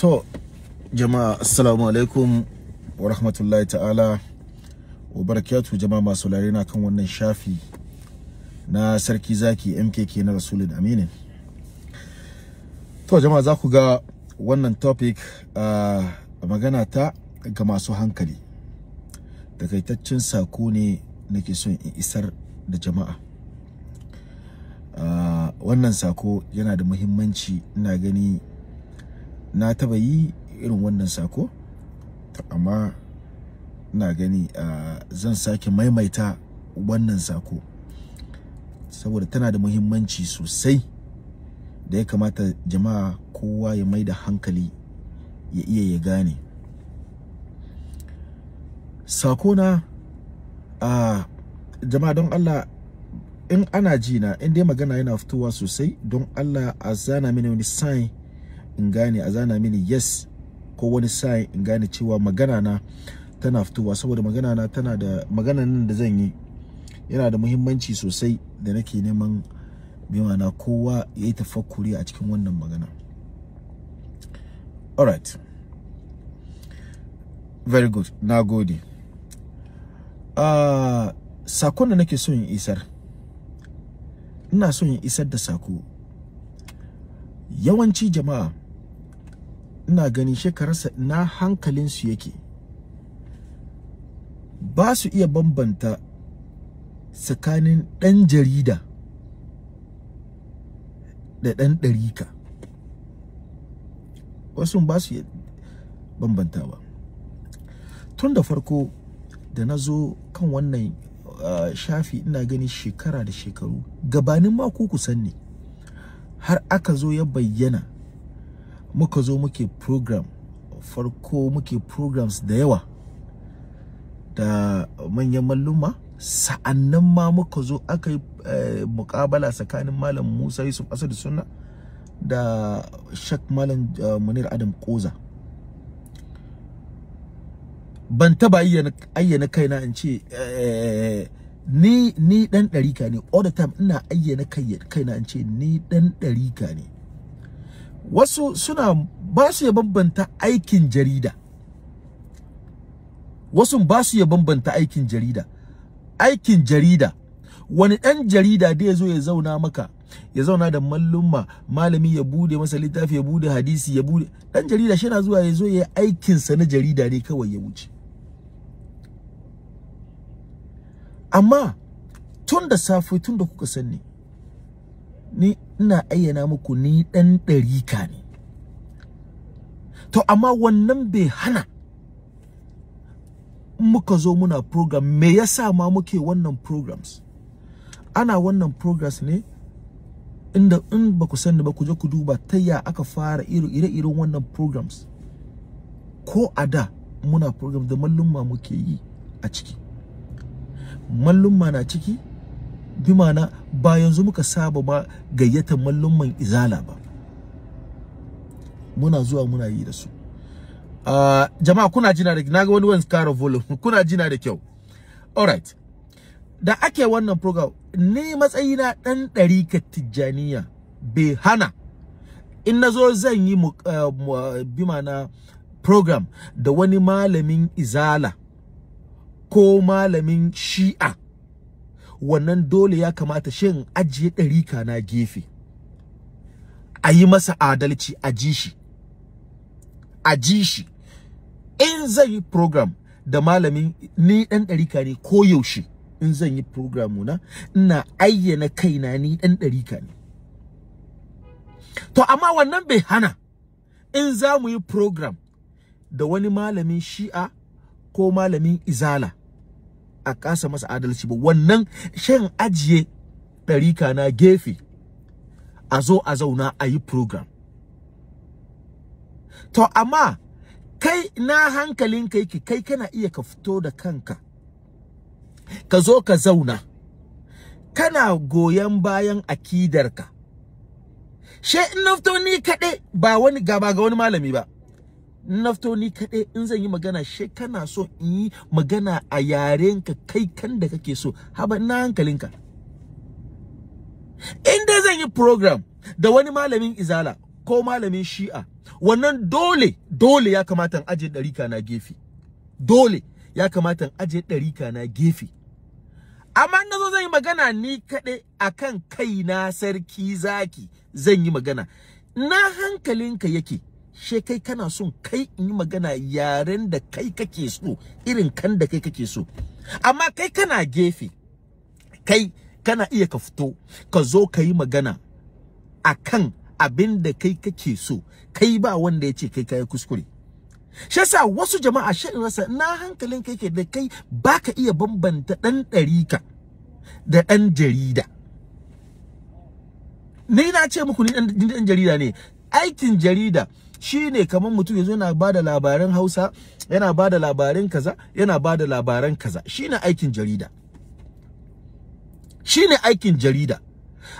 To, jama'a assalamu alaikum wa rahmatullahi ta'ala wa barakatu jama'a masu larina kan wannan shafi na sarki zaki MKK na Rasulun Aminin. To, jama'a za ku ga wannan topic a uh, magana ta ga masu hankali. Takaitaccen sako ne nake son isar da jama'a. Uh, wannan sako yana da muhimmanci ina gani na taba yi irin wannan sako amma na gani zan sake maimaita wannan sako saboda tana da muhimmanci sosai da ya kamata jama'a kowa ya mai da hankali ya iya ya gane sako na jama'a don Allah in ana ji na in dai magana yana fitowa sosai don Allah a zana mini wani sign in gane a zana mini yes ko wani sign in gane cewa magana na tana fitowa saboda magana na tana da magana nan da zan yi yana da muhimmanci sosai da nake neman bimana kowa ya yi tafakkuri a cikin wannan magana alright very good na gode uh, sakon da nake son yin isar ina son yin isar da sako yawanci jama'a ina gani shekararsa na hankalinsu yake ba su iya bambanta tsakanin ɗan jarida da ɗan ɗarika wasu ba su iya ba tun da farko da na zo kan wannan uh, shafi ina gani shekara da shekaru gabanin ma ku ne har aka zo ya bayyana muka zo muke program farko muke programs da yawa da manyan malluma sa'annan ma muka zo aka yi eh, mukabala tsakanin malam musa yusuf asadu sunna da shak malam eh, munir adam koza ban taba ayyana kaina in ce eh, ni ni dan ka ne all the time ina ayyana kaina in ce ni dan ɗarika ne wasu suna ba su ya bambanta aikin jarida wasu ba su ya bambanta aikin jarida aikin jarida wani ɗan jarida da ya zo ya zauna maka ya zauna da mallumma malami ya bude masa littafi ya bude hadisi ya bude ɗan jarida shi na zuwa ya zo ya aikinsa na jarida ne kawai ya wuce amma tun da safe tun da kuka sani ni ina ayyana muku ni dan ɗarika ne to amma wannan bai hana muka zo muna program me yasa ma muke wannan programs ana wannan programs ne inda in ba ku sani ba ku je ku duba ta ya aka fara ire-iren wannan programs ko a da muna program da mallumma muke yi a ciki mallumma na ciki bi ba yanzu muka saba ba gayyatar mallumman izala ba muna zuwa muna yi da su ah, jama'a kuna jina da naga wani wani karo volume kuna jina da kyau alright da ake wannan program ni matsayina dan ɗarikar tijjaniya bai hana in na zo zan yi uh, bi program da wani malamin izala ko malamin shi'a wannan dole ya kamata shin ajiye ɗarika na gefe a yi masa adalci a ji shi a ji shi in zai yi program da malamin ni ɗan ɗarika ne ko yaushe in zan yi program na ina ayyana kaina ni ɗan ɗarika ne to amma wannan bai hana in za mu yi program da wani malamin shi'a ko malamin izala a kasa masa adalci ba wannan shan ajiye ɗarika na gefe a zo a zauna a yi program to amma kai na ka yake kai kana iya ka fito da kanka ka zo ka zauna kana goyon bayan akidarka she in na fito ni kaɗai ba wani gaba ga wani malami ba na kaɗai in zan yi magana shi kana so in yi magana a yarenka kai kan da kake so haba ina hankalinka in dai zan yi program da wani malamin izala ko malamin shi'a wannan dole dole ya kamata in aje ɗarika na gefe dole ya kamata in aje ɗarika na gefe amma na zo zan yi magana ni kaɗai akan kaina sarki zaki zan yi magana na hankalinka yake she kai kana son kai in yi magana yaren da kai kake so irin kan da kai kake so amma kai kana gefe kai kana iya ka fito ka zo ka yi magana akan abin da kai kake so kai ba wanda ya ce kai kai kuskure shi yasa wasu jama'a shi rasa na hankalin kai ke da kai baka iya bambanta dan ɗarika da dan jarida ni na ce muku ni dan jarida ne aikin jarida shi ne kamar mutum ya zo yana ba da labaran hausa yana ba da labaran kaza yana ba da labaran kaza shi ne aikin jarida shi ne aikin jarida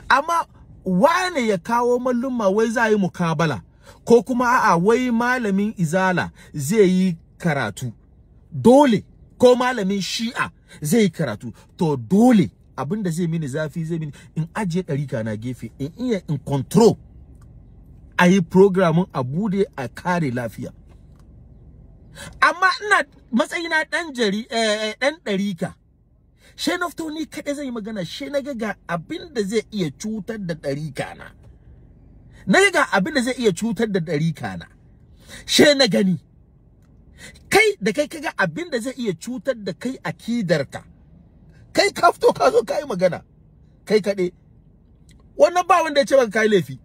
amma wane ya kawo mallum'a wai za a yi mukabala ko kuma a'a wai malamin izala zai yi karatu dole ko malamin shi'a zai yi karatu to dole abin da zai mini zafi zai mini in ajiye ɗarika na gefe in iya in control Ayi yi programin a bude a kare lafiya amma ina matsayina dan jari eh, dan ɗarika she fito ni kaɗai zan yi magana she na ga abin da zai iya cutar da ɗarika na na ga abin da zai iya cutar da ɗarika na she na gani kai da kai kaga abin da zai iya cutar da kai akidarka kai ka fito ka zo ka yi magana kai kaɗai wannan ba wanda ya ce ban kai laifi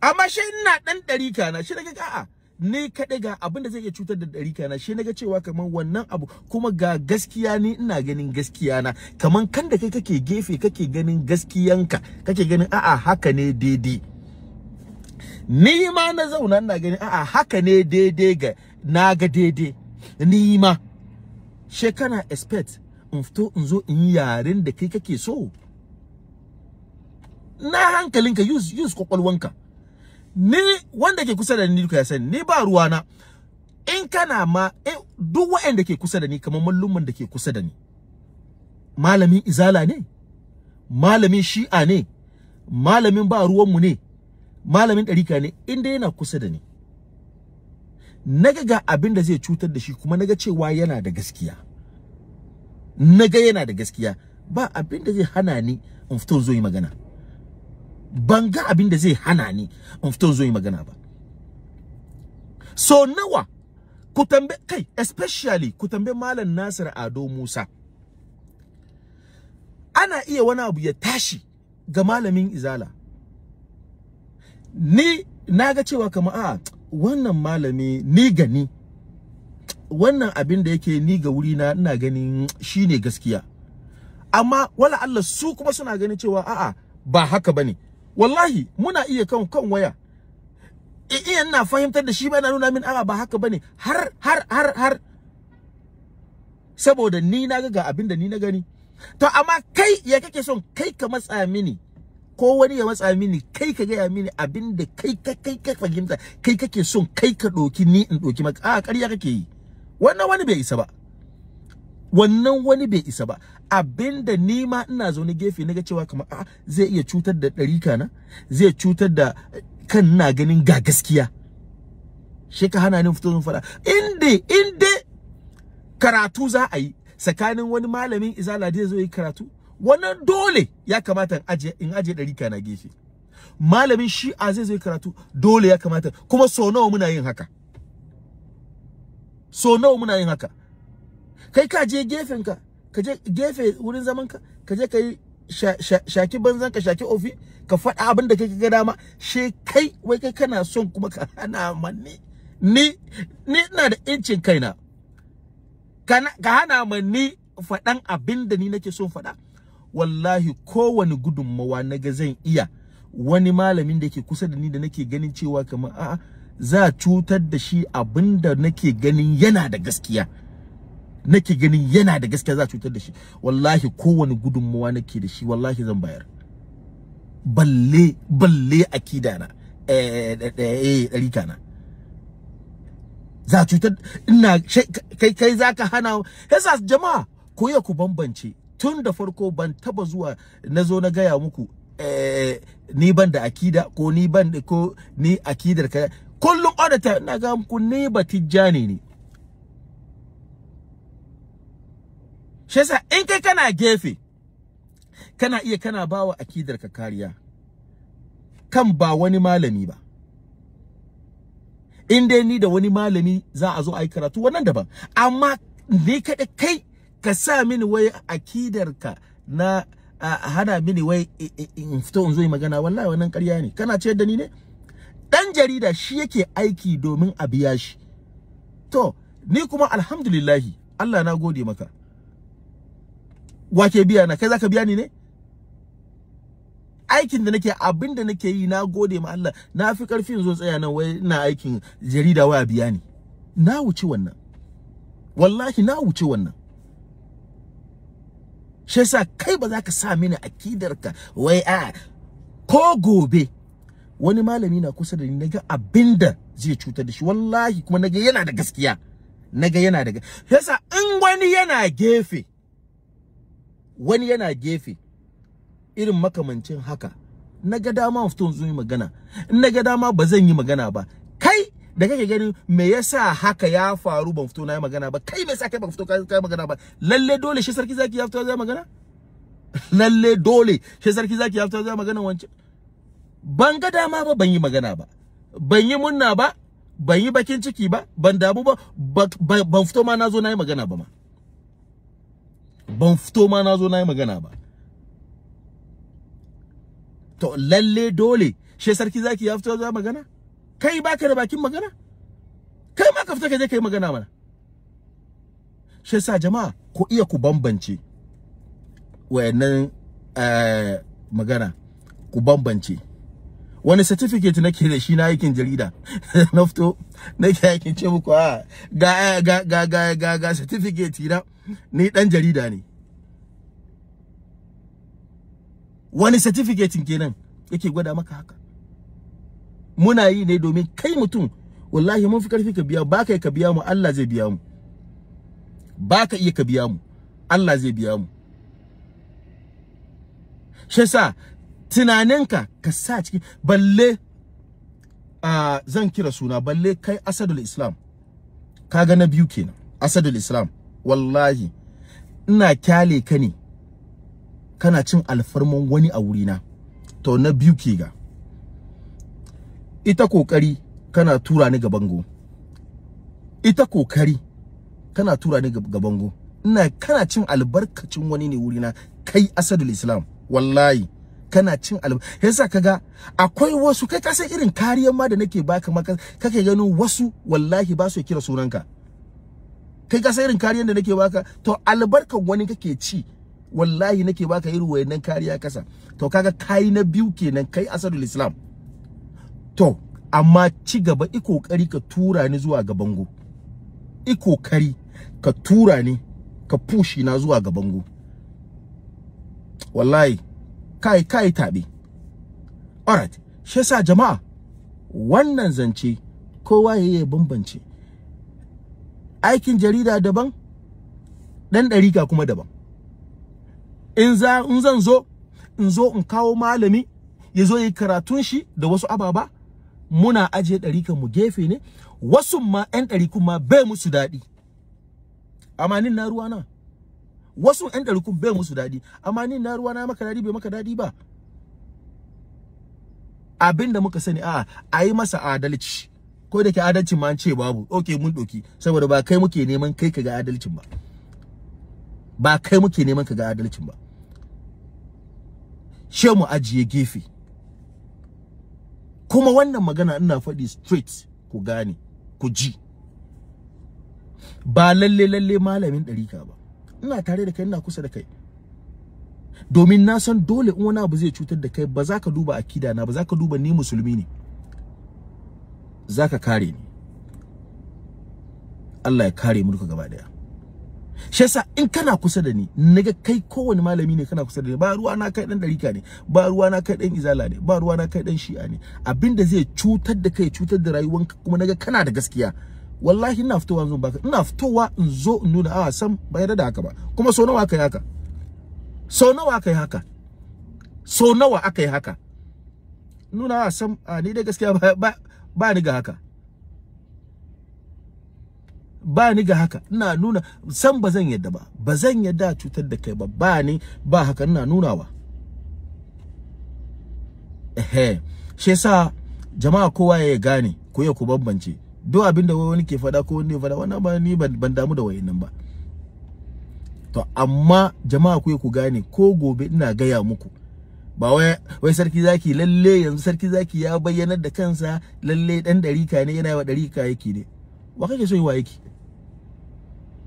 amma shi ina dan ɗarika na shi daga a'a Ni kaɗai ga abin da zai iya cutar da ɗarika na shi naga cewa kaman wannan abu kuma ga gaskiya ni ina ganin gaskiya na kamar kan da kai kake gefe kake ganin gaskiyanka kake ganin a'a haka ne daidai ni ma na zauna ina ganin a'a haka ne daidai ga na ga daidai ni ma she kana expect in fito in zo in yi yaren da kai kake so na hankalinka use use kwakwalwanka ni wanda ke kusa da ni duka ya sani ni ba ruwa na in kana ma eh, duk waɗanda ke kusa da ni kamar mallumman da ke kusa da ni malamin izala ne malamin shi'a ne malamin ba mu ne malamin ɗarika ne In dai yana kusa da ni naga ga abin da zai cutar da shi kuma naga cewa yana da gaskiya naga yana da gaskiya ba abin da zai hana ni in fito zo yi magana ban ga abin da zai hana ni in fito zo yi magana ba so nawa ku tambe kai especially ku tambe malam Nasir Ado Musa ana iya wani abu ya tashi ga malamin Izala ni naga cewa kamar a ah, wannan malami ni gani wannan abin da yake ni ga wuri na ina ganin shine gaskiya amma wala Allah su kuma suna ganin cewa a'a ba haka bane wallahi muna iya kan kan waya iya ina fahimtar da shi ba na nuna min a'a ba haka bane har har har har saboda ni na ga abin da ni na gani to amma kai ya kake son kai ka matsa mini ko wani ya matsa mini kai ka gaya mini abin da kai ka kai ka fahimta kai kake son kai ka ɗoki ni in ɗoki maka a ƙarya kake yi wannan wani bai isa ba wannan wani bai isa ba abinda ni ma ina zaune gefe naga cewa kamar a zai iya cutar da ɗari kana. zai cutar da kan ina ganin ga gaskiya shi ka hana ni fito zan faɗa inde inde karatu za a yi tsakanin wani malamin izala zai zo yi karatu wannan dole ya kamata in aje ɗari kana gefe malamin shi'a zai zo karatu dole ya kamata kuma so nawa muna yin haka so nawa muna yin haka kai ka je gefen ka ka je gefe wurin zaman ka ka je ka yi shaki banzan ka shaki ofi ka faɗa abin da kake ga dama she kai wai kai kana son kuma ka hana manni ni ni ina da incin kaina ka hana manni faɗan abin da ni nake son faɗa wallahi kowane gudunmawa na ga zan iya wani malamin da ke kusa da ni da nake ganin cewa kamar a'a za cutar da shi abinda nake ganin yana da gaskiya nake ganin yana da gaskiya za a cutar da shi wallahi kowane gudunmawa nake da shi wallahi zan bayar balle balle akida na eh eh ɗarika na za a cutar ina kai kai zaka hana yasa jama'a ko ya ku bambance tun da farko ban taba zuwa na zo na gaya muku eh, ni ban da akida ko ni ban ko ni akidar ka kullum all the time na ga muku ne batijjani ne shi yasa in kai kana gefe kana iya kana bawa akidar ka kariya kan ba wani malami ba in dai ni da wani malami za a zo a yi karatu wannan daban amma ni kada kai ka sa mini wai ka na hana mini wai in fito in zo yi magana wallahi wannan ƙarya ne kana ce da ni ne dan jarida shi yake aiki domin a biya shi to ni kuma alhamdulillahi Allah na gode maka wake biya na kai zaka biya ni ne aikin da nake abin nake yi na gode ma Allah na fi karfi in zo tsaya nan wai ina aikin jarida waya biya ni na wuce wannan wallahi na wuce wannan shi yasa kai ba za ka sa mini akidarka wai a ah, ko gobe wani malami na kusa da ni naga abin da zai cutar da shi wallahi kuma naga yana da gaskiya naga yana da gaskiya. yasa in wani yana gefe wani yana gefe irin makamancin haka na ga dama fito zo yi magana na ga dama ba zan yi magana ba kai da kake gani me yasa haka ya faru ban fito na yi magana ba kai me yasa kai ban fito ka yi magana ba lalle dole shi sarki zaki ya fito zai magana lalle dole shi sarki zaki ya fito zai magana wance ban ga dama ba ban yi magana ba ban yi munna ba ban yi bakin ciki ba ban damu ba ban fito ma na zo na yi magana ba ma ban fito ma na zo na yi magana ba to lalle dole she sarki zaki ya fito za magana kai baka da bakin magana kai ma ka fita ka je kai magana mana She sa jama'a ku iya ku bambance wayannan uh, magana ku bambance wani certificate nake da shi na aikin jarida na fito nake aikin ce muku ah, a ga ga ga ga ga certificate na ni dan jarida ne wani certificate kenan yake gwada maka haka muna yi ne domin kai mutum wallahi mun fi karfi ka biya ba kai ka biya mu Allah zai biya mu ba ka iya ka biya mu Allah zai biya mu shi yasa tunaninka ka sa ciki balle a zan kira suna balle kai asadul islam kaga na biyu kenan asadul islam wallahi ina kyale ka ne kana cin alfarman wani a wurina to na biyu ke ga ita kokari kana tura ni ga bango ita kokari kana tura ni ga bango ina kana cin albarkacin wani ne wurina kai asadul islam wallahi kana cin alba yasa kaga akwai wasu kai ka san irin kariyar ma da nake baka maka kake gano wasu wallahi ba su kira sunanka kai ka san irin kariyar da nake baka to albarkan wani kake ci wallahi nake baka irin wayannan kariya kasa to kaga kai na biyu kenan kai asadul islam to amma ci gaba i kokari ka tura ni zuwa ga bango i kokari ka tura ni ka pushi na zuwa ga bango wallahi kai kai tabi alright shi yasa jama'a wannan zance kowa yayi bambance aikin jarida daban dan ɗarika kuma daban in za in zan zo in zo in kawo malami ya zo yi karatun shi da wasu ababa muna ajiye ɗarikan mu gefe ne wasu ma 'yan ɗari ma bai musu daɗi nin na ruwa na wasu 'yan ɗarikun bai musu daɗi nin na ruwa na maka daɗi bai maka daɗi ba abin da muka sani a a yi masa adalci ko da ke adalcin ma an ce babu "Okay, mun ɗauki." saboda ba kai muke neman kai ka ga adalcin ba ba kai muke neman ka ga adalcin ba she mu ajiye gefe kuma wannan magana ina faɗi straight ku gane ku ji ba lalle lalle malamin ɗarika ba ina tare da kai ina kusa da kai domin na san dole in wani abu zai cutar da kai ba za ka duba akida na ba za ka duba ni musulmi ne za ka kare ni Allah ya kare mu gaba daya shi yasa in kana kusa da ni naga kai kowane malami ne kana kusa da ni ba ruwa na kai dan ɗarika ne ba ruwa na kai dan izala ne ba ruwa na kai dan shi'a ne abinda zai cutar da kai cutar da rayuwanka kuma naga kana da gaskiya wallahi ina fitowa zo baka ina fitowa in zo in nuna a san bai da haka ba kuma so nawa kai haka so nawa kai haka so nawa akai haka nuna a san ni da gaskiya ba ba ni ga haka ba ni ga haka ina nuna san ba zan yadda ba ba zan yadda cutar da kai ba ba ni ba haka ina nunawa ehe shi yasa jama'a kowa ya gane ko ya ku bambance duk abin da wani ke fada ko wani fada wannan ba ni ban damu da wayannan ba to amma jama'a ku ku gane ko gobe ina gaya muku ba wai wai sarki zaki lalle yanzu sarki zaki ya bayyanar da kansa lalle dan ɗarika ne yana wa ɗarika yake ne wa kake so yi wa yake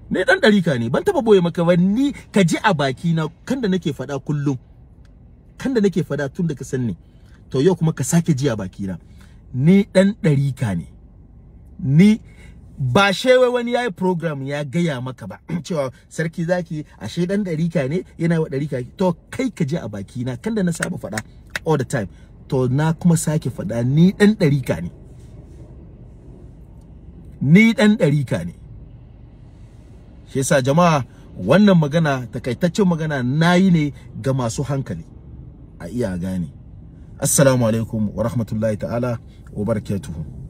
ni dan dalika ne ban taba boye maka ba ni ka ji a baki na kan da nake fada kullum kan da nake fada tun da ka san ni to yau kuma ka sake ji a baki na ni dan ɗarika ne ni ba shewe wani yayi program ya gaya maka ba cewa sarki zaki ashe dan dalika ne yana wa dalika to kai ka ji a baki na kan da na saba fada all the time to na kuma sake fada ni dan ɗarika ne ni dan ɗarika ne shi yasa jama'a wannan magana takaitaccen magana nayi ne ga masu hankali a iya gane assalamu alaikum wa rahmatullahi ta'ala wa barakatuhu